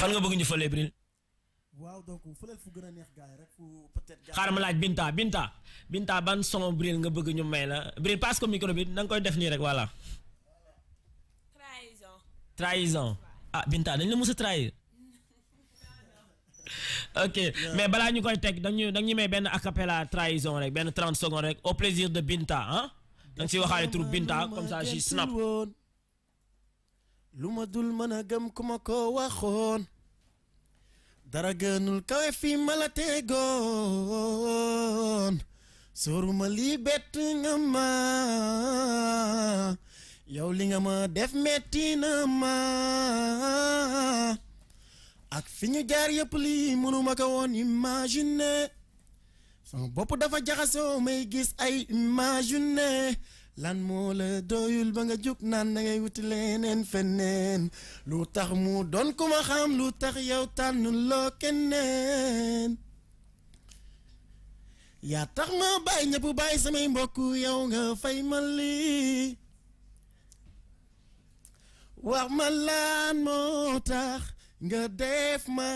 fan nga bëgg ñu fële Bril. waaw donc fële fu gën a neex gaay rek fu peut-être. xaaral ma laaj Binta Binta Binta ban son Bril nga bëgg ñu may la Bril passe ko micro bi na nga koy def nii rek voilà. trahison. trahison ah Binta dañ la mës a trahir. ok mais balaa ñu koy teg dañu ñu may benn acapella trahison rek benn 30 secondes rek au plaisir de Binta ah. Hein? da nga siy waxaale tur Binta comme ça je snap. lu ma dul mën a gëm ku ma ko waxoon dara gënul kawe fi ma la tegoon sóoru ma lii bett nga ma yow li nga ma def metti na ma ak fi ñu jaar yëpp li mënuma ko woon imaginer sama bopp dafa jaxasoo may gis ay imaginer lan moo la doyul ba nga jóg naan da ngay wuti leneen feneen lu tax mu doon ku ma xam lu tax yow tànn loo keneen yaa tax ma bàyyi ñëpp bàyyi samay mbokk yow nga fay ma lii wax ma laan moo tax nga def ma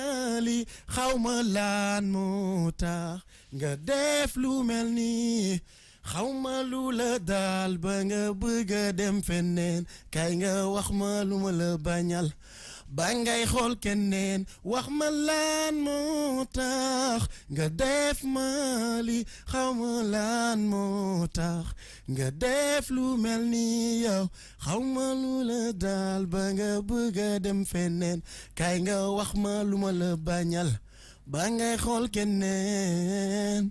lii xaw ma laan moo tax nga def lu mel nii xaw ma lu la daal ba nga bëgg a dem feneen kay nga wax ma lu ma la bañal ba ngay xool keneen wax ma laan moo tax nga def ma xaw ma laan moo nga def lu mel ni yow xaw ma lu la daal ba nga bëgg dem feneen kay nga wax ma lu ma la bañal ba ngay xool keneen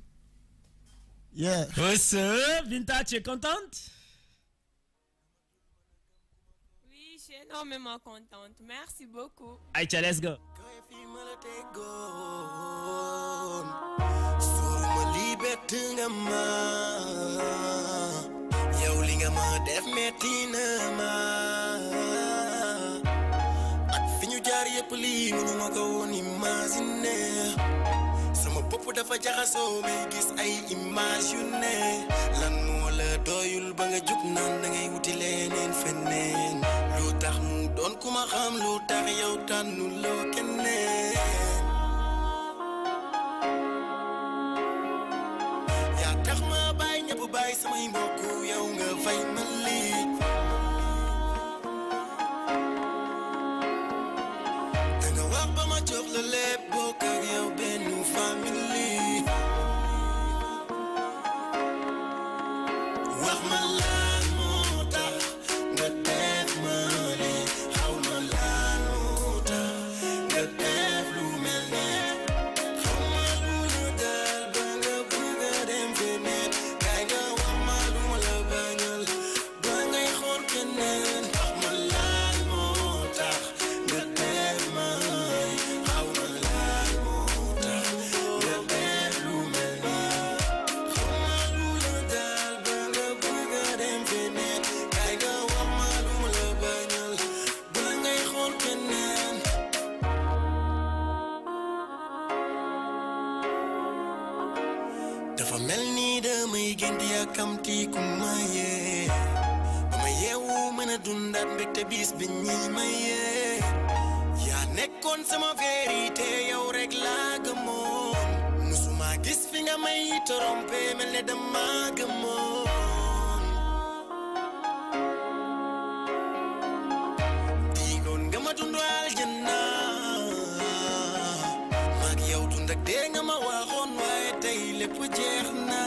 Yeah. What's up, Vinta, tu es contente? Oui, je suis énormément contente. Merci beaucoup. Aïe, let's go. ak fi ñu jaar yëpp lii mënu ma ko woon imaginer sama dafa jaxasoo may gis ay image yu ne lan moo doyul ba nga jug naan da ngay wuti leneen feneen lu tax mu doon ku ma xam lu tax yow tànnu loo dafa mel nii damay gént yàkkamti ku ma yee ba ma yeewu mën a dundaat mbégte bis bi ñuy ma yaa nekkoon sama vérité yow rek laa gëmoon musuma gis fi nga may trompé mel ne dama gëmoon nag dee nga ma waxoon waaye tey lépp jeex na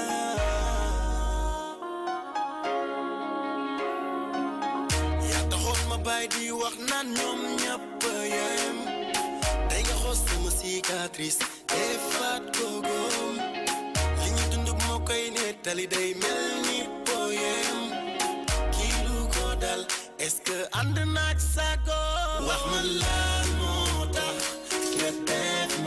yaa taxoon ma bàyyi di wax naan ñoom ñëpp yem tey nga xoos sama cicatrice dee faat koogoom li ñu dund moo koy nettali day mel ni poyem kii lu ko dal est-ce que ànd naag sa ko wax ma lan moo tax nga def